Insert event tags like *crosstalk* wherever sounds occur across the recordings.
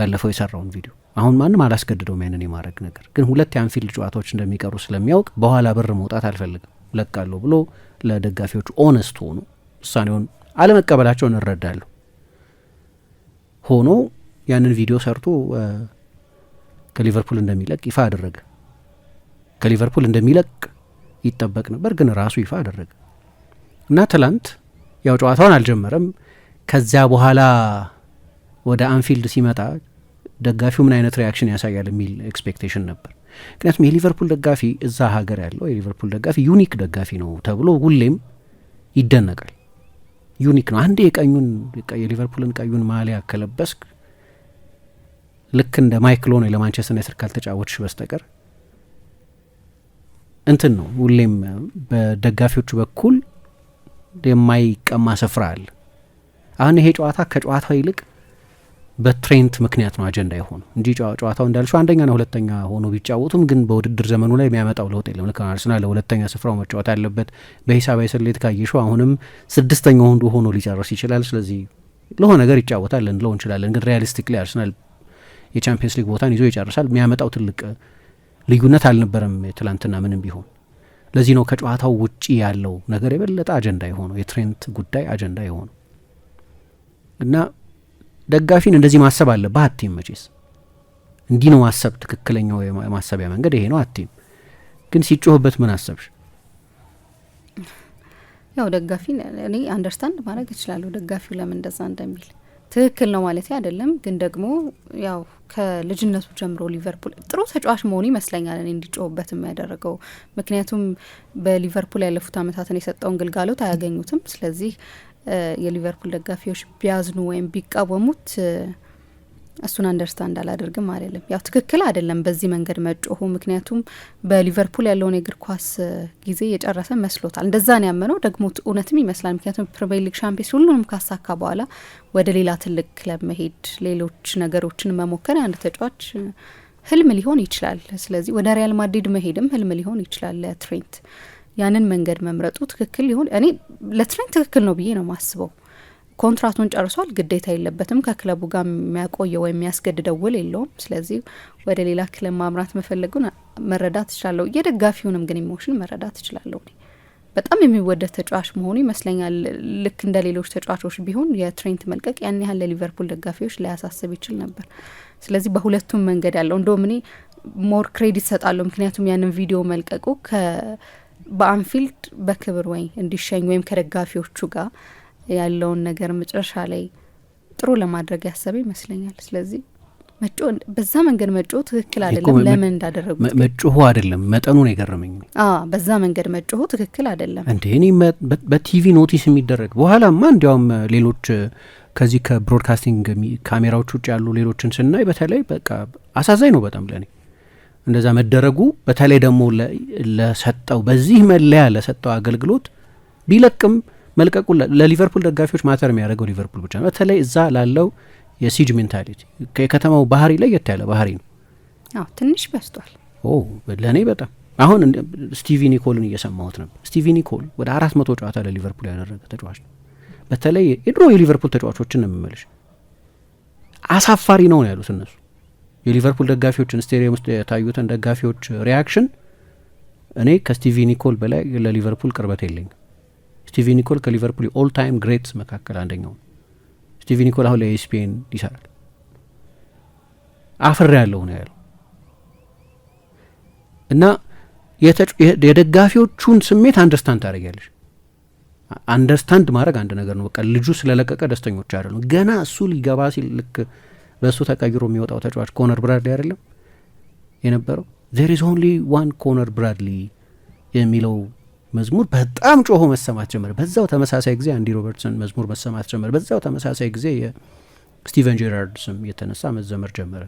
ባለፈው የሰራውን ቪዲዮ አሁን ማንም አላስገድደውም ያንን የማድረግ ነገር ግን ሁለት የአንፊልድ ጨዋታዎች እንደሚቀሩ ስለሚያውቅ በኋላ በር መውጣት አልፈልግም ለቃለሁ ብሎ ለደጋፊዎቹ ኦነስት ሆኖ ውሳኔውን አለመቀበላቸውን እረዳለሁ። ሆኖ ያንን ቪዲዮ ሰርቶ ከሊቨርፑል እንደሚለቅ ይፋ አደረገ። ከሊቨርፑል እንደሚለቅ ይጠበቅ ነበር፣ ግን ራሱ ይፋ አደረገ እና ትላንት ያው ጨዋታውን አልጀመረም። ከዚያ በኋላ ወደ አንፊልድ ሲመጣ ደጋፊው ምን አይነት ሪያክሽን ያሳያል የሚል ኤክስፔክቴሽን ነበር። ምክንያቱም የሊቨርፑል ደጋፊ እዛ ሀገር ያለው የሊቨርፑል ደጋፊ ዩኒክ ደጋፊ ነው ተብሎ ሁሌም ይደነቃል። ዩኒክ ነው። አንዴ የቀኙን የሊቨርፑልን ቀዩን ማሊያ ከለበስክ ልክ እንደ ማይክል ኦዌን ለማንቸስተር ዩናይትድ ካልተጫወትሽ በስተቀር እንትን ነው ሁሌም በደጋፊዎቹ በኩል የማይቀማ ስፍራ አለ። አሁን ይሄ ጨዋታ ከጨዋታው ይልቅ በትሬንት ምክንያት ነው አጀንዳ የሆኑ እንጂ ጨዋታው እንዳልሽው አንደኛና ሁለተኛ ሆኖ ቢጫወቱም ግን በውድድር ዘመኑ ላይ የሚያመጣው ለውጥ የለም። ልክ አርሰናል ለሁለተኛ ስፍራው መጫወት ያለበት በሂሳባዊ ስሌት ካየሹ አሁንም ስድስተኛ ወንዱ ሆኖ ሊጨርስ ይችላል። ስለዚህ ለሆነ ነገር ይጫወታል ልንለው እንችላለን። ግን ሪያሊስቲክሊ አርሰናል የቻምፒየንስ ሊግ ቦታን ይዞ ይጨርሳል። የሚያመጣው ትልቅ ልዩነት አልነበረም ትላንትና ምንም ቢሆን። ለዚህ ነው ከጨዋታው ውጪ ያለው ነገር የበለጠ አጀንዳ የሆነው የትሬንት ጉዳይ አጀንዳ የሆነው እና ደጋፊን እንደዚህ ማሰብ አለብህ አትም መቼስ እንዲህ ነው ማሰብ ትክክለኛው የማሰቢያ መንገድ ይሄ ነው አቲም ግን ሲጮህበት ምን አሰብሽ ያው ደጋፊን እኔ አንደርስታንድ ማድረግ እችላለሁ ደጋፊው ለምን እንደዛ እንደሚል ትክክል ነው ማለት አይደለም ግን ደግሞ ያው ከልጅነቱ ጀምሮ ሊቨርፑል ጥሩ ተጫዋች መሆኑ ይመስለኛል እኔ እንዲጮሁበት የሚያደረገው ምክንያቱም በሊቨርፑል ያለፉት አመታትን የሰጠውን ግልጋሎት አያገኙትም ስለዚህ የሊቨርፑል ደጋፊዎች ቢያዝኑ ወይም ቢቃወሙት እሱን አንደርስታንድ አላደርግም አይደለም፣ ያው ትክክል አይደለም በዚህ መንገድ መጮሁ። ምክንያቱም በሊቨርፑል ያለውን የእግር ኳስ ጊዜ የጨረሰ መስሎታል። እንደዛ ነው ያመነው፣ ደግሞ እውነትም ይመስላል። ምክንያቱም ፕሪሚየር ሊግ ሻምፒዮንስ ሁሉንም ካሳካ በኋላ ወደ ሌላ ትልቅ ክለብ መሄድ፣ ሌሎች ነገሮችን መሞከር አንድ ተጫዋች ህልም ሊሆን ይችላል። ስለዚህ ወደ ሪያል ማድሪድ መሄድም ህልም ሊሆን ይችላል ለትሬንት ያንን መንገድ መምረጡ ትክክል ሊሆን እኔ ለትሬንት ትክክል ነው ብዬ ነው ማስበው። ኮንትራቱን ጨርሷል፣ ግዴታ የለበትም ከክለቡ ጋር የሚያቆየው ወይም የሚያስገድደው ውል የለውም። ስለዚህ ወደ ሌላ ክለብ ማምራት መፈለጉን መረዳት እችላለሁ። የደጋፊውንም ግን ኢሞሽን መረዳት እችላለሁ። በጣም የሚወደድ ተጫዋች መሆኑ ይመስለኛል። ልክ እንደ ሌሎች ተጫዋቾች ቢሆን የትሬንት መልቀቅ ያን ያህል ለሊቨርፑል ደጋፊዎች ሊያሳስብ ይችል ነበር። ስለዚህ በሁለቱም መንገድ ያለው እንደውም እኔ ሞር ክሬዲት ሰጣለሁ። ምክንያቱም ያንን ቪዲዮ መልቀቁ በአንፊልድ በክብር ወይ እንዲሸኝ ወይም ከደጋፊዎቹ ጋር ያለውን ነገር መጨረሻ ላይ ጥሩ ለማድረግ ያሰበ ይመስለኛል። ስለዚህ መጮ በዛ መንገድ መጮ ትክክል አይደለም። ለምን እንዳደረጉ መጮሁ አይደለም መጠኑ ነው የገረመኝ። በዛ መንገድ መጮሁ ትክክል አይደለም እንዴ! እኔ በቲቪ ኖቲስ የሚደረግ በኋላማ እንዲያውም ሌሎች ከዚህ ከብሮድካስቲንግ ካሜራዎች ውጭ ያሉ ሌሎችን ስናይ በተለይ በቃ አሳዛኝ ነው በጣም ለእኔ እንደዛ መደረጉ በተለይ ደግሞ ለሰጠው በዚህ መለያ ለሰጠው አገልግሎት ቢለቅም መልቀቁ ለሊቨርፑል ደጋፊዎች ማተር የሚያደርገው ሊቨርፑል ብቻ ነው። በተለይ እዛ ላለው የሲጅ ሜንታሊቲ የከተማው ባህሪ ለየት ያለ ባህሪ ነው። አዎ ትንሽ በስቷል። ኦ ለእኔ በጣም አሁን ስቲቪ ኒኮልን እየሰማሁት ነበር። ስቲቪ ኒኮል ወደ አራት መቶ ጨዋታ ለሊቨርፑል ያደረገ ተጫዋች ነው። በተለይ የድሮ የሊቨርፑል ተጫዋቾችን ነው የምመልሽ። አሳፋሪ ነው ነው ያሉት እነሱ የሊቨርፑል ደጋፊዎችን ስቴዲየም ውስጥ የታዩትን ደጋፊዎች ሪያክሽን እኔ ከስቲቪ ኒኮል በላይ ለሊቨርፑል ቅርበት የለኝም። ስቲቪ ኒኮል ከሊቨርፑል የኦል ታይም ግሬትስ መካከል አንደኛው ነው። ስቲቪ ኒኮል አሁን ለኤስፔን ይሰራል። አፍር ያለው ነው ያለው እና የደጋፊዎቹን ስሜት አንደርስታንድ ታደርጊያለሽ። አንደርስታንድ ማድረግ አንድ ነገር ነው። በቃ ልጁ ስለለቀቀ ደስተኞች አይደሉም። ገና እሱ ሊገባ ሲል ልክ በእሱ ተቀይሮ የሚወጣው ተጫዋች ኮነር ብራድሊ አይደለም የነበረው። ዜር ኢዝ ኦንሊ ዋን ኮነር ብራድሊ የሚለው መዝሙር በጣም ጮሆ መሰማት ጀመረ። በዛው ተመሳሳይ ጊዜ አንዲ ሮበርትሰን መዝሙር መሰማት ጀመረ። በዛው ተመሳሳይ ጊዜ የስቲቨን ጄራርድ ስም የተነሳ መዘመር ጀመረ።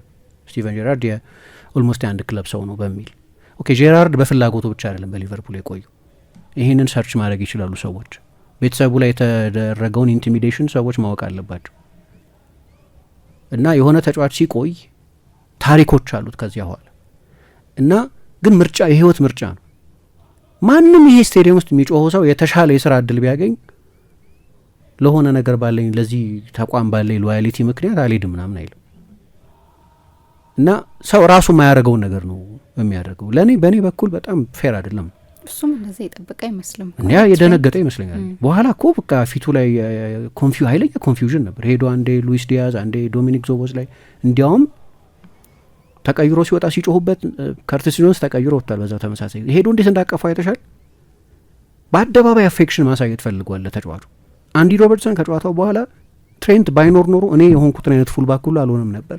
ስቲቨን ጄራርድ የኦልሞስት የአንድ ክለብ ሰው ነው በሚል ኦኬ። ጄራርድ በፍላጎቱ ብቻ አይደለም በሊቨርፑል የቆዩ ይህንን ሰርች ማድረግ ይችላሉ ሰዎች። ቤተሰቡ ላይ የተደረገውን ኢንቲሚዴሽን ሰዎች ማወቅ አለባቸው። እና የሆነ ተጫዋች ሲቆይ ታሪኮች አሉት ከዚያ በኋላ እና ግን ምርጫ የህይወት ምርጫ ነው። ማንም ይሄ ስቴዲየም ውስጥ የሚጮኸው ሰው የተሻለ የስራ እድል ቢያገኝ ለሆነ ነገር ባለኝ ለዚህ ተቋም ባለኝ ሎያሊቲ ምክንያት አልሄድም ምናምን አይልም እና ሰው ራሱ የማያደርገውን ነገር ነው የሚያደርገው። ለእኔ በእኔ በኩል በጣም ፌር አይደለም። እሱም እንደዚህ የጠበቀ አይመስልም እ የደነገጠ ይመስለኛል። በኋላ እኮ በቃ ፊቱ ላይ ኮንፊው ኃይለኛ ኮንፊውዥን ነበር። ሄዶ አንዴ ሉዊስ ዲያዝ አንዴ ዶሚኒክ ዞቦዝ ላይ እንዲያውም ተቀይሮ ሲወጣ ሲጮሁበት ከርቲስ ጆንስ ተቀይሮ ወጥቷል። በዛ ተመሳሳይ ሄዶ እንዴት እንዳቀፋው አይተሻል። በአደባባይ አፌክሽን ማሳየት ፈልጓል ተጫዋቹ። አንዲ ሮበርትሰን ከጨዋታው በኋላ ትሬንት ባይኖር ኖሮ እኔ የሆንኩትን አይነት ፉልባክ ሁሉ አልሆንም ነበር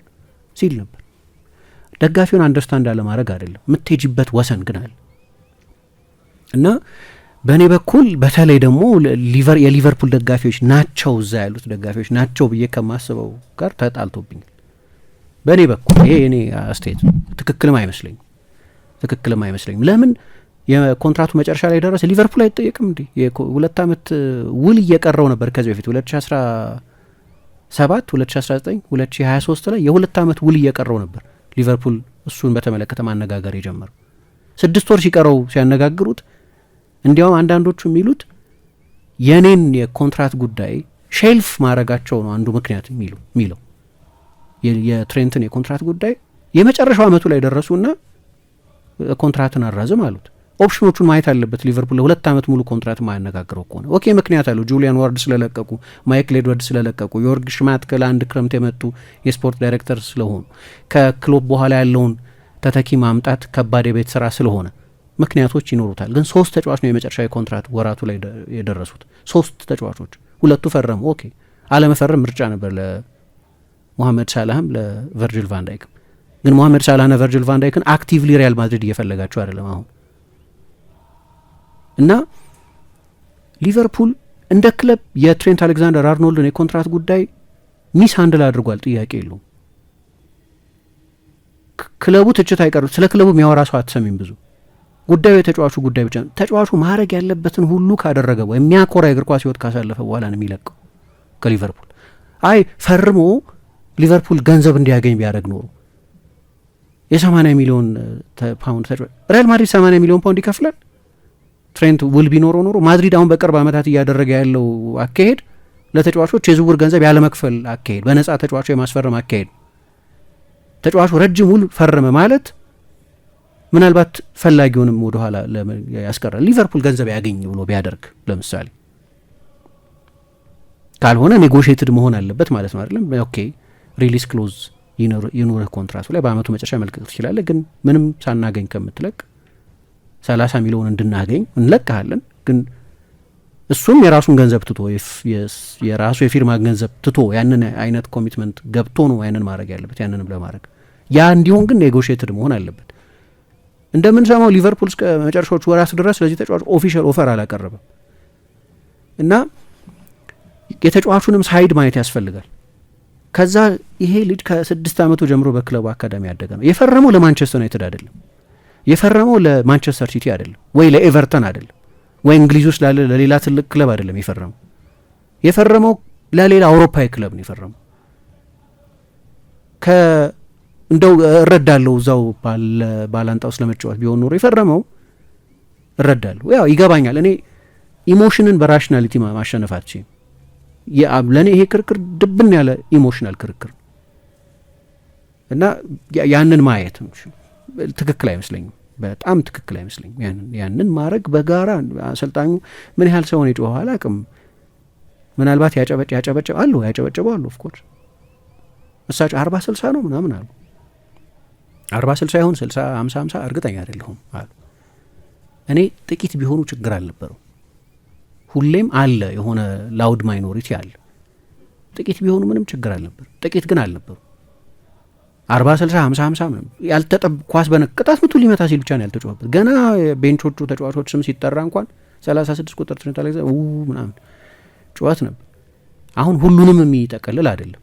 ሲል ነበር። ደጋፊውን አንደርስታንድ አለማድረግ አይደለም፣ የምትሄጅበት ወሰን ግን አለ። እና በእኔ በኩል በተለይ ደግሞ የሊቨርፑል ደጋፊዎች ናቸው እዛ ያሉት ደጋፊዎች ናቸው ብዬ ከማስበው ጋር ተጣልቶብኛል። በእኔ በኩል ይሄ እኔ አስተያየት ነው። ትክክልም አይመስለኝም፣ ትክክልም አይመስለኝም። ለምን የኮንትራቱ መጨረሻ ላይ ደረሰ? ሊቨርፑል አይጠየቅም እንዲ የሁለት ዓመት ውል እየቀረው ነበር ከዚህ በፊት 2017፣ 2019፣ 2023 ላይ የሁለት ዓመት ውል እየቀረው ነበር ሊቨርፑል እሱን በተመለከተ ማነጋገር የጀመረው ስድስት ወር ሲቀረው ሲያነጋግሩት እንዲያውም አንዳንዶቹ የሚሉት የኔን የኮንትራት ጉዳይ ሼልፍ ማድረጋቸው ነው አንዱ ምክንያት የሚለው የትሬንትን የኮንትራት ጉዳይ የመጨረሻው ዓመቱ ላይ ደረሱና ኮንትራትን አራዝም አሉት። ኦፕሽኖቹን ማየት አለበት ሊቨርፑል ለሁለት ዓመት ሙሉ ኮንትራት ማያነጋግረው ከሆነ ኦኬ ምክንያት አለው። ጁሊያን ዋርድ ስለለቀቁ፣ ማይክል ኤድዋርድ ስለለቀቁ፣ ዮርግ ሽማትከ ለአንድ ክረምት የመጡ የስፖርት ዳይሬክተር ስለሆኑ፣ ከክሎፕ በኋላ ያለውን ተተኪ ማምጣት ከባድ የቤት ስራ ስለሆነ ምክንያቶች ይኖሩታል። ግን ሶስት ተጫዋች ነው የመጨረሻ የኮንትራት ወራቱ ላይ የደረሱት ሶስት ተጫዋቾች፣ ሁለቱ ፈረሙ። ኦኬ አለመፈረም ምርጫ ነበር ለሞሐመድ ሳላህም ለቨርጅል ቫንዳይክም። ግን ሞሐመድ ሳላህና ቨርጅል ቫንዳይክን አክቲቭሊ ሪያል ማድሪድ እየፈለጋቸው አይደለም አሁን እና ሊቨርፑል እንደ ክለብ የትሬንት አሌክዛንደር አርኖልድን የኮንትራት ጉዳይ ሚስ ሀንድል አድርጓል። ጥያቄ የሉም። ክለቡ ትችት አይቀርም። ስለ ክለቡ የሚያወራ ሰው አትሰሚም ብዙ ጉዳዩ የተጫዋቹ ጉዳይ ብቻ ነው። ተጫዋቹ ማድረግ ያለበትን ሁሉ ካደረገ በኋላ የሚያኮራ የእግር ኳስ ህይወት ካሳለፈ በኋላ ነው የሚለቀው ከሊቨርፑል። አይ ፈርሞ ሊቨርፑል ገንዘብ እንዲያገኝ ቢያደረግ ኖሩ የ80 ሚሊዮን ፓውንድ ተጫዋች ሪያል ማድሪድ 80 ሚሊዮን ፓውንድ ይከፍላል። ትሬንት ውል ቢኖረው ኖሮ ማድሪድ አሁን በቅርብ ዓመታት እያደረገ ያለው አካሄድ ለተጫዋቾች የዝውውር ገንዘብ ያለመክፈል አካሄድ፣ በነጻ ተጫዋቾ የማስፈረም አካሄድ። ተጫዋቹ ረጅም ውል ፈረመ ማለት ምናልባት ፈላጊውንም ወደኋላ ያስቀራል። ሊቨርፑል ገንዘብ ያገኝ ብሎ ቢያደርግ ለምሳሌ ካልሆነ ኔጎሽትድ መሆን አለበት ማለት ነው አይደለም። ኦኬ ሪሊስ ክሎዝ ይኑርህ ኮንትራቱ ላይ በአመቱ መጨረሻ መልቀቅ ትችላለህ፣ ግን ምንም ሳናገኝ ከምትለቅ ሰላሳ ሚሊዮን እንድናገኝ እንለቅሃለን። ግን እሱም የራሱን ገንዘብ ትቶ የራሱ የፊርማ ገንዘብ ትቶ ያንን አይነት ኮሚትመንት ገብቶ ነው ያንን ማድረግ ያለበት። ያንንም ለማድረግ ያ እንዲሆን ግን ኔጎሽትድ መሆን አለበት። እንደምንሰማው ሊቨርፑል እስከ መጨረሻዎቹ ወራት ድረስ ለዚህ ተጫዋች ኦፊሻል ኦፈር አላቀረበም እና የተጫዋቹንም ሳይድ ማየት ያስፈልጋል። ከዛ ይሄ ልጅ ከስድስት ዓመቱ ጀምሮ በክለቡ አካዳሚ ያደገ ነው። የፈረመው ለማንቸስተር ዩናይትድ አይደለም፣ የፈረመው ለማንቸስተር ሲቲ አይደለም፣ ወይ ለኤቨርተን አይደለም፣ ወይ እንግሊዝ ውስጥ ላለ ለሌላ ትልቅ ክለብ አይደለም። የፈረመው የፈረመው ለሌላ አውሮፓዊ ክለብ ነው የፈረመው እንደው እረዳለሁ እዛው ባላንጣ ውስጥ ለመጫወት ቢሆን ኖሮ የፈረመው እረዳለሁ። ያው ይገባኛል። እኔ ኢሞሽንን በራሽናሊቲ ማሸነፋች ለእኔ ይሄ ክርክር ድብን ያለ ኢሞሽናል ክርክር እና ያንን ማየት ትክክል አይመስለኝም። በጣም ትክክል አይመስለኝም። ያንን ማድረግ በጋራ አሰልጣኙ ምን ያህል ሰውን የጮኸ አላውቅም። ምናልባት ያጨበጭ ያጨበጨ አሉ ያጨበጨቡ አሉ ኦፍኮርስ እሳቸው አርባ ስልሳ ነው ምናምን አሉ አርባ ስልሳ ይሁን ስልሳ ሀምሳ ሀምሳ እርግጠኛ አይደለሁም አሉ። እኔ ጥቂት ቢሆኑ ችግር አልነበረው። ሁሌም አለ የሆነ ላውድ ማይኖሪቲ አለ። ጥቂት ቢሆኑ ምንም ችግር አልነበር። ጥቂት ግን አልነበሩ። አርባ ስልሳ ሀምሳ ሀምሳ ምንም ያልተጠብ ኳስ በነ ቅጣት ምቱ ሊመታ ሲል ብቻ ነው ያልተጫወበት። ገና ቤንቾቹ ተጫዋቾች ስም ሲጠራ እንኳን ሰላሳ ስድስት ቁጥር ትንታ ላይ ምናምን ጨዋት ነበር። አሁን ሁሉንም የሚጠቀልል አይደለም።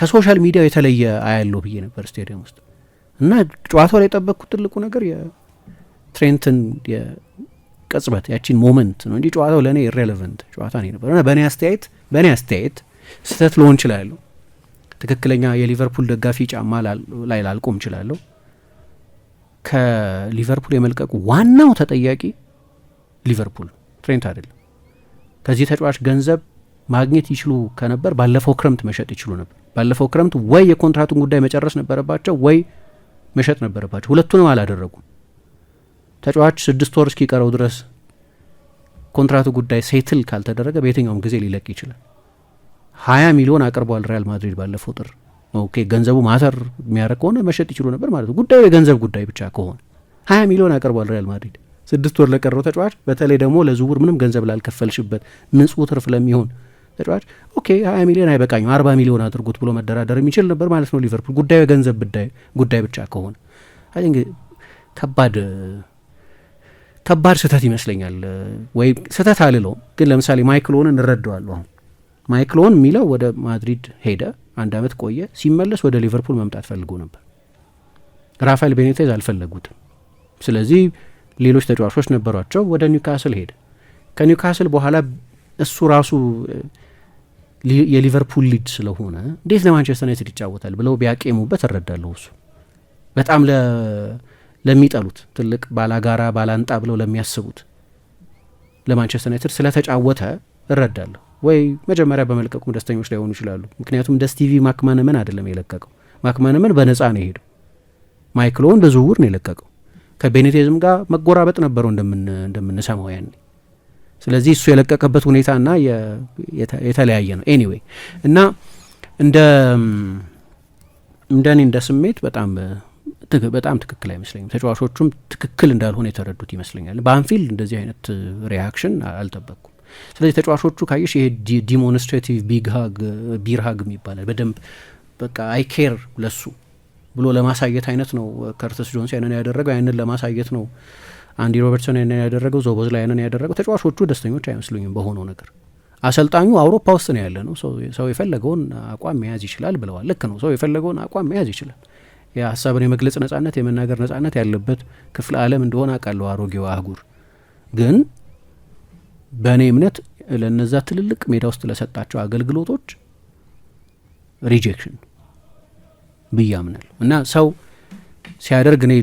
ከሶሻል ሚዲያው የተለየ አያለው ብዬ ነበር ስቴዲየም ውስጥ እና ጨዋታው ላይ የጠበቅኩት ትልቁ ነገር የትሬንትን የቅጽበት ያቺን ሞመንት ነው እንጂ ጨዋታው ለእኔ ኢሬሌቨንት ጨዋታ ነው የነበረው በእኔ አስተያየት በእኔ አስተያየት ስህተት ልሆን እችላለሁ። ትክክለኛ የሊቨርፑል ደጋፊ ጫማ ላይ ላልቆም እችላለሁ። ከሊቨርፑል የመልቀቁ ዋናው ተጠያቂ ሊቨርፑል ትሬንት አይደለም። ከዚህ ተጫዋች ገንዘብ ማግኘት ይችሉ ከነበር ባለፈው ክረምት መሸጥ ይችሉ ነበር። ባለፈው ክረምት ወይ የኮንትራቱን ጉዳይ መጨረስ ነበረባቸው ወይ መሸጥ ነበረባቸው። ሁለቱንም አላደረጉም። ተጫዋች ስድስት ወር እስኪቀረው ድረስ ኮንትራቱ ጉዳይ ሴትል ካልተደረገ በየትኛውም ጊዜ ሊለቅ ይችላል። ሀያ ሚሊዮን አቅርቧል ሪያል ማድሪድ ባለፈው ጥር። ኦኬ ገንዘቡ ማተር የሚያደርግ ከሆነ መሸጥ ይችሉ ነበር ማለት ነው። ጉዳዩ የገንዘብ ጉዳይ ብቻ ከሆነ ሀያ ሚሊዮን አቅርቧል ሪያል ማድሪድ ስድስት ወር ለቀረው ተጫዋች፣ በተለይ ደግሞ ለዝውውር ምንም ገንዘብ ላልከፈልሽበት ንጹህ ትርፍ ለሚሆን ተጫዋች ኦኬ ሀያ ሚሊዮን አይበቃኝም አርባ ሚሊዮን አድርጉት ብሎ መደራደር የሚችል ነበር ማለት ነው ሊቨርፑል ጉዳዩ የገንዘብ ጉዳይ ብቻ ከሆነ አይ ቲንክ ከባድ ከባድ ስህተት ይመስለኛል ወይ ስህተት አልለውም ግን ለምሳሌ ማይክል ኦወንን እንረዳዋለሁ አሁን ማይክል የሚለው ወደ ማድሪድ ሄደ አንድ አመት ቆየ ሲመለስ ወደ ሊቨርፑል መምጣት ፈልጎ ነበር ራፋኤል ቤኔቴዝ አልፈለጉትም ስለዚህ ሌሎች ተጫዋቾች ነበሯቸው ወደ ኒውካስል ሄደ ከኒውካስል በኋላ እሱ ራሱ የሊቨርፑል ሊድ ስለሆነ እንዴት ለማንቸስተር ዩናይትድ ይጫወታል ብለው ቢያቄሙበት እረዳለሁ። እሱ በጣም ለሚጠሉት ትልቅ ባላጋራ ባላንጣ ብለው ለሚያስቡት ለማንቸስተር ዩናይትድ ስለተጫወተ እረዳለሁ። ወይ መጀመሪያ በመልቀቁም ደስተኞች ላይሆኑ ይችላሉ። ምክንያቱም ደስቲቪ ማክማነመን አይደለም የለቀቀው። ማክማነመን በነፃ ነው የሄደው። ማይክል በዝውውር ነው የለቀቀው። ከቤኔቴዝም ጋር መጎራበጥ ነበረው እንደምንሰማው ያኔ ስለዚህ እሱ የለቀቀበት ሁኔታና የተለያየ ነው። ኤኒዌይ እና እንደ እንደኔ እንደ ስሜት በጣም በጣም ትክክል አይመስለኝም። ተጫዋቾቹም ትክክል እንዳልሆነ የተረዱት ይመስለኛል። በአንፊልድ እንደዚህ አይነት ሪያክሽን አልጠበቅኩም። ስለዚህ ተጫዋቾቹ ካየሽ ይሄ ዲሞንስትሬቲቭ ቢግሃግ ቢርሃግ ይባላል በደንብ በቃ አይኬር ለሱ ብሎ ለማሳየት አይነት ነው። ከርተስ ጆንስ ያንን ያደረገው ያንን ለማሳየት ነው አንዲ ሮበርትሰን ያንን ያደረገው ዞቦዝ ላይ ያንን ያደረገው ተጫዋቾቹ ደስተኞች አይመስሉኝም በሆነው ነገር። አሰልጣኙ አውሮፓ ውስጥ ነው ያለ ነው። ሰው የፈለገውን አቋም መያዝ ይችላል ብለዋል። ልክ ነው። ሰው የፈለገውን አቋም መያዝ ይችላል። የሀሳብን የመግለጽ ነጻነት፣ የመናገር ነጻነት ያለበት ክፍለ አለም እንደሆነ አውቃለሁ አሮጌው አህጉር። ግን በእኔ እምነት ለነዛ ትልልቅ ሜዳ ውስጥ ለሰጣቸው አገልግሎቶች ሪጀክሽን ብያምናል እና ሰው ሲያደርግ እኔ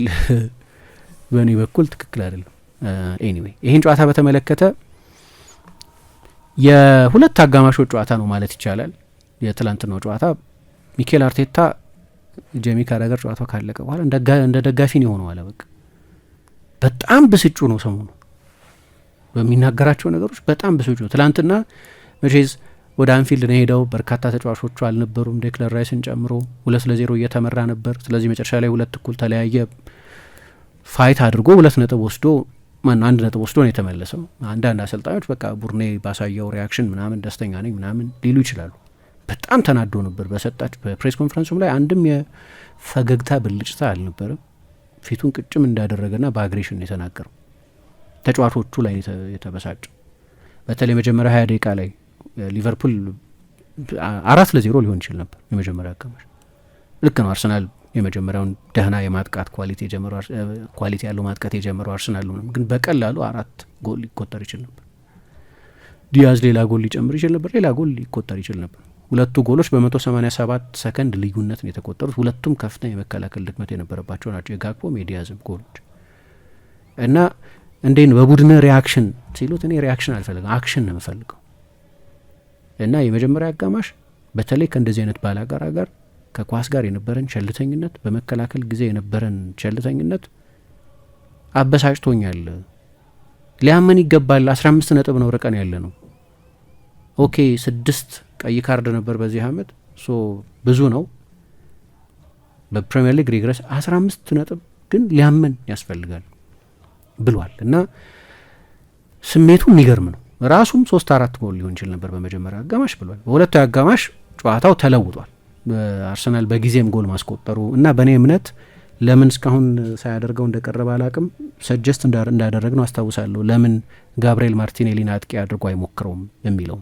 በእኔ በኩል ትክክል አይደለም። ኤኒዌይ ይህን ጨዋታ በተመለከተ የሁለት አጋማሾች ጨዋታ ነው ማለት ይቻላል። የትላንትናው ጨዋታ ሚኬል አርቴታ ጄሚ ካራገር ጨዋታው ካለቀ በኋላ እንደ ደጋፊ ነው የሆነው አለ። በቃ በጣም ብስጩ ነው ሰሞኑ በሚናገራቸው ነገሮች በጣም ብስጩ። ነው። ትላንትና መቼዝ ወደ አንፊልድ ነው ሄደው በርካታ ተጫዋቾቹ አልነበሩም፣ ዴክለር ራይስን ጨምሮ ሁለት ለዜሮ እየተመራ ነበር። ስለዚህ መጨረሻ ላይ ሁለት እኩል ተለያየ። ፋይት አድርጎ ሁለት ነጥብ ወስዶ አንድ ነጥብ ወስዶ ነው የተመለሰው። አንዳንድ አሰልጣኞች በቃ ቡርኔ ባሳየው ሪያክሽን ምናምን ደስተኛ ነኝ ምናምን ሊሉ ይችላሉ። በጣም ተናዶ ነበር በሰጣች በፕሬስ ኮንፈረንሱም ላይ አንድም የፈገግታ ብልጭታ አልነበረም። ፊቱን ቅጭም እንዳደረገና በአግሬሽን ነው የተናገረው። ተጫዋቾቹ ላይ የተበሳጭ በተለይ መጀመሪያ ሀያ ደቂቃ ላይ ሊቨርፑል አራት ለዜሮ ሊሆን ይችል ነበር የመጀመሪያ አጋማሽ። ልክ ነው አርሰናል የመጀመሪያውን ደህና የማጥቃት ኳሊቲ ያለው ማጥቃት የጀመረው አርሰናል ነው። ግን በቀላሉ አራት ጎል ሊቆጠር ይችል ነበር። ዲያዝ ሌላ ጎል ሊጨምር ይችል ነበር። ሌላ ጎል ሊቆጠር ይችል ነበር። ሁለቱ ጎሎች በመቶ ሰማኒያ ሰባት ሰከንድ ልዩነት ነው የተቆጠሩት። ሁለቱም ከፍተኛ የመከላከል ድክመት የነበረባቸው ናቸው። የጋግቦም የዲያዝም ጎሎች እና እንዴ በቡድን ሪያክሽን ሲሉት እኔ ሪያክሽን አልፈልግም አክሽን ነው የምፈልገው እና የመጀመሪያ አጋማሽ በተለይ ከእንደዚህ አይነት ባላጋራ ጋር ከኳስ ጋር የነበረን ቸልተኝነት፣ በመከላከል ጊዜ የነበረን ቸልተኝነት አበሳጭቶኛል። ሊያመን ይገባል። አስራ አምስት ነጥብ ነው ርቀን ያለ ነው። ኦኬ ስድስት ቀይ ካርድ ነበር በዚህ አመት ሶ ብዙ ነው። በፕሪምየር ሊግ ሪግረስ አስራ አምስት ነጥብ ግን ሊያመን ያስፈልጋል ብሏል እና ስሜቱ የሚገርም ነው። ራሱም ሶስት አራት ጎል ሊሆን ይችል ነበር በመጀመሪያ አጋማሽ ብሏል። በሁለቱ አጋማሽ ጨዋታው ተለውጧል። አርሰናል በጊዜም ጎል ማስቆጠሩ እና በእኔ እምነት ለምን እስካሁን ሳያደርገው እንደቀረበ አላቅም። ሰጀስት እንዳደረግ ነው አስታውሳለሁ። ለምን ጋብርኤል ማርቲኔሊን አጥቂ አድርጎ አይሞክረውም የሚለው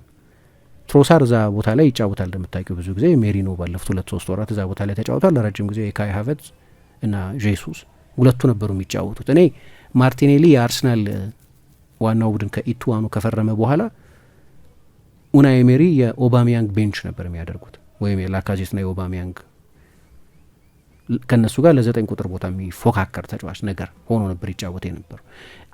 ትሮሳር እዛ ቦታ ላይ ይጫወታል። እንደምታውቂው ብዙ ጊዜ ሜሪኖ ባለፉት ሁለት ሶስት ወራት እዛ ቦታ ላይ ተጫውቷል ለረጅም ጊዜ። የካይ ሀቨት እና ጄሱስ ሁለቱ ነበሩ የሚጫወቱት። እኔ ማርቲኔሊ የአርሰናል ዋናው ቡድን ከኢቱዋኑ ከፈረመ በኋላ ኡናይ ሜሪ የኦባሚያንግ ቤንች ነበር የሚያደርጉት ወይም ና የኦባሚያንግ ከእነሱ ጋር ለዘጠኝ ቁጥር ቦታ የሚፎካከር ተጫዋች ነገር ሆኖ ነበር ይጫወት የነበሩ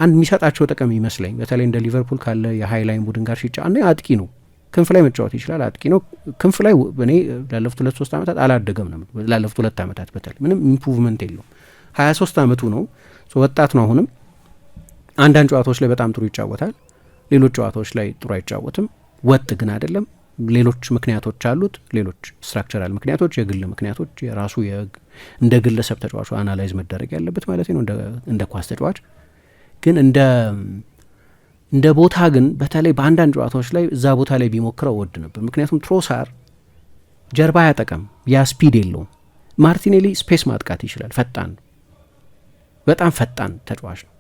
አንድ የሚሰጣቸው ጥቅም ይመስለኝ በተለይ እንደ ሊቨርፑል ካለ የሀይላይን ቡድን ጋር ሲጫ አንደ አጥቂ ነው፣ ክንፍ ላይ መጫወት ይችላል። አጥቂ ነው፣ ክንፍ ላይ እኔ ላለፉት ሁለት ሶስት ዓመታት አላደገም ነው። ላለፉት ሁለት አመታት በተለይ ምንም ኢምፕሩቭመንት የለውም። ሀያ ሶስት ዓመቱ ነው፣ ወጣት ነው። አሁንም አንዳንድ ጨዋታዎች ላይ በጣም ጥሩ ይጫወታል፣ ሌሎች ጨዋታዎች ላይ ጥሩ አይጫወትም። ወጥ ግን አይደለም። ሌሎች ምክንያቶች አሉት። ሌሎች ስትራክቸራል ምክንያቶች፣ የግል ምክንያቶች፣ የራሱ እንደ ግለሰብ ተጫዋቹ አናላይዝ መደረግ ያለበት ማለት ነው። እንደ ኳስ ተጫዋች ግን እንደ እንደ ቦታ ግን በተለይ በአንዳንድ ጨዋታዎች ላይ እዛ ቦታ ላይ ቢሞክረው ወድ ነበር። ምክንያቱም ትሮሳር ጀርባ አያጠቀም፣ ያ ስፒድ የለውም። ማርቲኔሊ ስፔስ ማጥቃት ይችላል። ፈጣን በጣም ፈጣን ተጫዋች ነው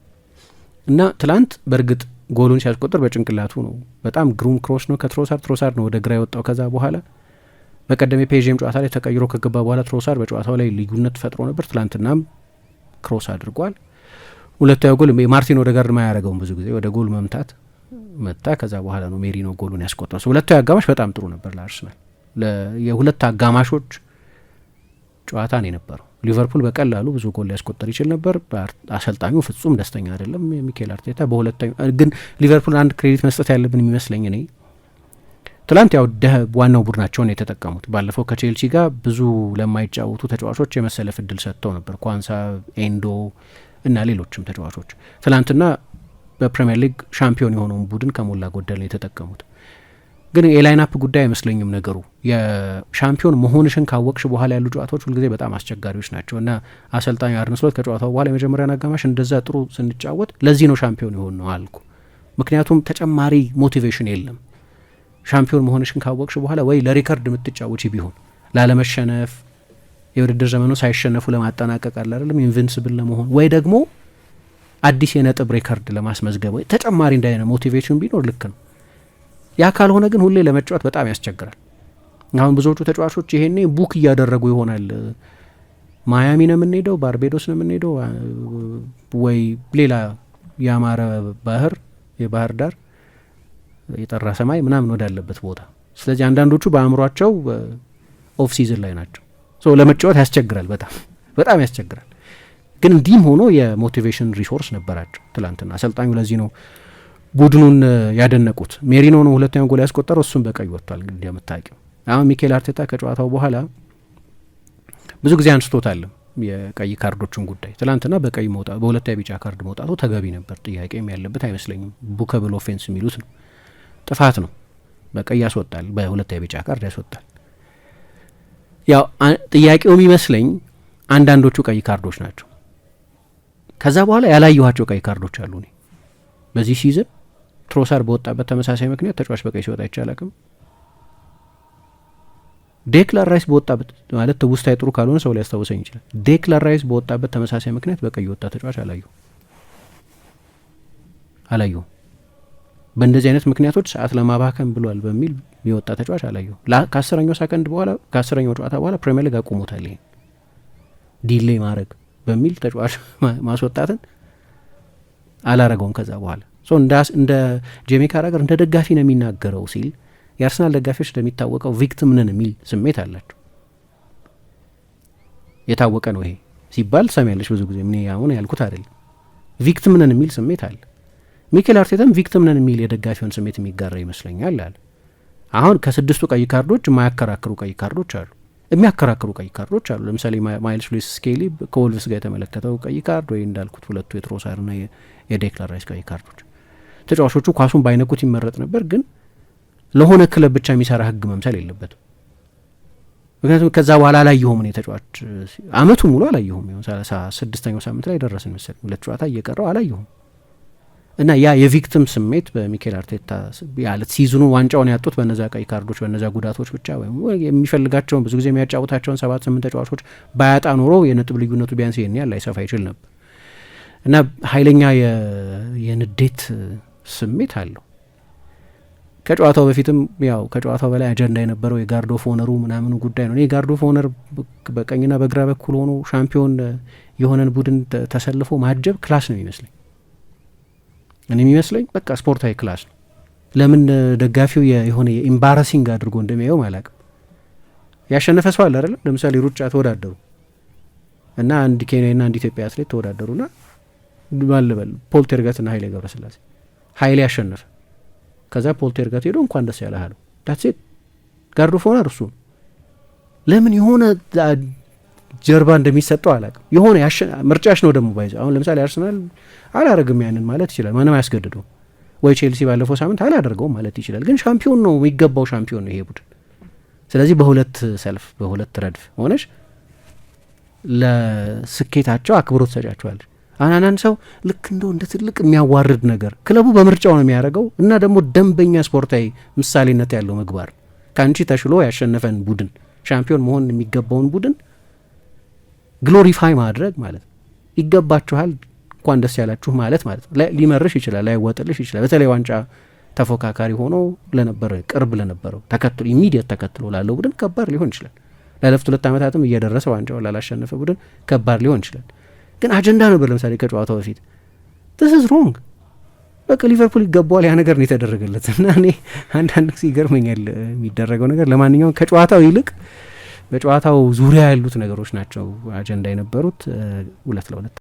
እና ትላንት በእርግጥ ጎሉን ሲያስቆጥር በጭንቅላቱ ነው። በጣም ግሩም ክሮስ ነው ከትሮሳር ትሮሳር ነው ወደ ግራ የወጣው። ከዛ በኋላ በቀደም የፔዥም ጨዋታ ላይ ተቀይሮ ከገባ በኋላ ትሮሳር በጨዋታው ላይ ልዩነት ፈጥሮ ነበር። ትላንትናም ክሮስ አድርጓል። ሁለቱ ጎል ማርቲን ጋር ማያደርገውም ብዙ ጊዜ ወደ ጎል መምታት መታ። ከዛ በኋላ ነው ሜሪኖ ጎሉን ያስቆጠረው። ሁለቱ አጋማሽ በጣም ጥሩ ነበር ለአርስናል የሁለት አጋማሾች ጨዋታ ነው የነበረው። ሊቨርፑል በቀላሉ ብዙ ጎል ሊያስቆጠር ይችል ነበር። አሰልጣኙ ፍጹም ደስተኛ አይደለም ሚኬል አርቴታ። በሁለተኛ ግን ሊቨርፑል አንድ ክሬዲት መስጠት ያለብን የሚመስለኝ እኔ ትላንት ያው ዋናው ቡድናቸውን የተጠቀሙት ባለፈው ከቼልሲ ጋር ብዙ ለማይጫወቱ ተጫዋቾች የመሰለፍ እድል ሰጥተው ነበር። ኳንሳ፣ ኤንዶ እና ሌሎችም ተጫዋቾች ትላንትና በፕሪምየር ሊግ ሻምፒዮን የሆነውን ቡድን ከሞላ ጎደል የተጠቀሙት ግን የላይናፕ ጉዳይ አይመስለኝም ነገሩ። የሻምፒዮን መሆንሽን ካወቅሽ በኋላ ያሉ ጨዋታዎች ሁልጊዜ በጣም አስቸጋሪዎች ናቸው እና አሰልጣኝ አርነ ስሎት ከጨዋታው በኋላ የመጀመሪያን አጋማሽ እንደዛ ጥሩ ስንጫወት ለዚህ ነው ሻምፒዮን የሆን ነው አልኩ። ምክንያቱም ተጨማሪ ሞቲቬሽን የለም። ሻምፒዮን መሆንሽን ካወቅሽ በኋላ ወይ ለሪከርድ የምትጫወች ቢሆን ላለመሸነፍ የውድድር ዘመኑ ሳይሸነፉ ለማጠናቀቅ አላለም አይደለም ኢንቪንስብል ለመሆን ወይ ደግሞ አዲስ የነጥብ ሪከርድ ለማስመዝገብ ወይ ተጨማሪ እንዳይነ ሞቲቬሽን ቢኖር ልክ ነው። ያ ካልሆነ ግን ሁሌ ለመጫወት በጣም ያስቸግራል። አሁን ብዙዎቹ ተጫዋቾች ይሄኔ ቡክ እያደረጉ ይሆናል። ማያሚ ነው የምንሄደው፣ ባርቤዶስ ነው የምንሄደው፣ ወይ ሌላ ያማረ ባህር የባህር ዳር የጠራ ሰማይ ምናምን ወዳለበት ቦታ። ስለዚህ አንዳንዶቹ በአእምሯቸው ኦፍ ሲዝን ላይ ናቸው። ለመጫወት ያስቸግራል፣ በጣም በጣም ያስቸግራል። ግን እንዲህም ሆኖ የሞቲቬሽን ሪሶርስ ነበራቸው ትላንትና አሰልጣኙ ለዚህ ነው ቡድኑን ያደነቁት ሜሪኖ ነው ሁለተኛው ጎል ያስቆጠረው። እሱም በቀይ ወጥቷል እንደምታውቂው። አሁን ሚኬል አርቴታ ከጨዋታው በኋላ ብዙ ጊዜ አንስቶታል የቀይ ካርዶችን ጉዳይ። ትላንትና በቀይ መውጣት በሁለት ቢጫ ካርድ መውጣቱ ተገቢ ነበር፣ ጥያቄም ያለበት አይመስለኝም። ቡከብል ኦፌንስ የሚሉት ነው፣ ጥፋት ነው። በቀይ ያስወጣል፣ በሁለት ቢጫ ካርድ ያስወጣል። ያው ጥያቄው የሚመስለኝ አንዳንዶቹ ቀይ ካርዶች ናቸው። ከዛ በኋላ ያላየኋቸው ቀይ ካርዶች አሉ እኔ በዚህ ሲዝን ትሮሳር በወጣበት ተመሳሳይ ምክንያት ተጫዋች በቀይ ሲወጣ አይቻላቅም። ዴክላር ራይስ በወጣበት ማለት ትውስታ ጥሩ ካልሆነ ሰው ሊያስታውሰኝ ይችላል። ዴክላር ራይስ በወጣበት ተመሳሳይ ምክንያት በቀይ ወጣ ተጫዋች አላዩ አላዩ። በእንደዚህ አይነት ምክንያቶች ሰዓት ለማባከን ብሏል በሚል የወጣ ተጫዋች አላዩ። ከአስረኛው ሰከንድ በኋላ ከአስረኛው ጨዋታ በኋላ ፕሪሚየር ሊግ አቁሞታል። ይሄን ዲሌይ ማድረግ በሚል ተጫዋች *laughs* ማስወጣትን አላረገውም ከዛ በኋላ እንደ ጄሚ ካራገር እንደ ደጋፊ ነው የሚናገረው ሲል የአርሰናል ደጋፊዎች እንደሚታወቀው ቪክቲም ነን የሚል ስሜት አላቸው። የታወቀ ነው ይሄ ሲባል ሰሚያለች ብዙ ጊዜ ምን አሁን ያልኩት አይደለም። ቪክቲም ነን የሚል ስሜት አለ። ሚኬል አርቴተም ቪክቲም ነን የሚል የደጋፊውን ስሜት የሚጋራ ይመስለኛል አለ። አሁን ከስድስቱ ቀይ ካርዶች የማያከራክሩ ቀይ ካርዶች አሉ፣ የሚያከራክሩ ቀይ ካርዶች አሉ። ለምሳሌ ማይልስ ሉዊስ ስኬሊ ከወልቭስ ጋር የተመለከተው ቀይ ካርድ ወይ እንዳልኩት ሁለቱ የትሮሳርና የዴክላን ራይስ ቀይ ካርዶች ተጫዋቾቹ ኳሱን ባይነኩት ይመረጥ ነበር። ግን ለሆነ ክለብ ብቻ የሚሰራ ህግ መምሰል የለበትም። ምክንያቱም ከዛ በኋላ አላየሁም እኔ ተጫዋች አመቱ ሙሉ አላየሁም። ይሁን ሰላሳ ስድስተኛው ሳምንት ላይ ደረስን መሰለኝ ሁለት ጨዋታ እየቀረው አላየሁም እና ያ የቪክቲም ስሜት በሚኬል አርቴታ ያለት ሲዝኑ ዋንጫውን ያጡት በነዛ ቀይ ካርዶች በነዛ ጉዳቶች ብቻ ወይም የሚፈልጋቸውን ብዙ ጊዜ የሚያጫውታቸውን ሰባት ስምንት ተጫዋቾች ባያጣ ኖሮ የነጥብ ልዩነቱ ቢያንስ ይህን ያህል ላይሰፋ ይችል ነበር እና ኃይለኛ የንዴት ስሜት አለው። ከጨዋታው በፊትም ያው ከጨዋታው በላይ አጀንዳ የነበረው የጋርዶ ፎነሩ ምናምኑ ጉዳይ ነው። እኔ የጋርዶ ፎነር በቀኝና በግራ በኩል ሆኖ ሻምፒዮን የሆነን ቡድን ተሰልፎ ማጀብ ክላስ ነው ይመስለኝ። እኔ የሚመስለኝ በቃ ስፖርታዊ ክላስ ነው። ለምን ደጋፊው የሆነ የኢምባረሲንግ አድርጎ እንደሚያየው አላቅም። ያሸነፈ ሰው አለ አይደለም። ለምሳሌ ሩጫ ተወዳደሩ እና አንድ ኬንያና አንድ ኢትዮጵያ አትሌት ተወዳደሩና ባልበል ፖል ተርጋትና ሀይሌ ገብረስላሴ ሀይሌ ያሸነፈ። ከዛ ጋር ሄዶ እንኳን ደስ ያለህ አለው። ዳትሴት ጋርዶ ፎና እርሱ ለምን የሆነ ጀርባ እንደሚሰጠው አላቅም። የሆነ ምርጫሽ ነው ደግሞ ባይዘ አሁን ለምሳሌ አርሰናል አላረግም ያንን ማለት ይችላል፣ ማንም አያስገድደው። ወይ ቼልሲ ባለፈው ሳምንት አላደርገውም ማለት ይችላል። ግን ሻምፒዮን ነው የሚገባው፣ ሻምፒዮን ነው ይሄ ቡድን። ስለዚህ በሁለት ሰልፍ በሁለት ረድፍ ሆነሽ ለስኬታቸው አክብሮት ሰጫቸዋለሽ። አናናን ሰው ልክ እንደው እንደ ትልቅ የሚያዋርድ ነገር ክለቡ በምርጫው ነው የሚያደርገው እና ደግሞ ደንበኛ ስፖርታዊ ምሳሌነት ያለው ምግባር ከአንቺ ተሽሎ ያሸነፈን ቡድን ሻምፒዮን መሆን የሚገባውን ቡድን ግሎሪፋይ ማድረግ ማለት ነው። ይገባችኋል፣ እንኳን ደስ ያላችሁ ማለት ማለት ነው። ሊመርሽ ይችላል፣ ላይወጥልሽ ይችላል። በተለይ ዋንጫ ተፎካካሪ ሆኖ ለነበረ ቅርብ ለነበረው ተከትሎ ኢሚዲየት ተከትሎ ላለው ቡድን ከባድ ሊሆን ይችላል። ላለፉት ሁለት ዓመታትም እየደረሰ ዋንጫውን ላላሸነፈ ቡድን ከባድ ሊሆን ይችላል። ግን አጀንዳ ነበር። ለምሳሌ ከጨዋታው በፊት ስ ሮንግ በቃ ሊቨርፑል ይገባዋል። ያ ነገር ነው የተደረገለት እና እኔ አንዳንድ ጊዜ ይገርመኛል የሚደረገው ነገር። ለማንኛውም ከጨዋታው ይልቅ በጨዋታው ዙሪያ ያሉት ነገሮች ናቸው አጀንዳ የነበሩት ሁለት ለሁለት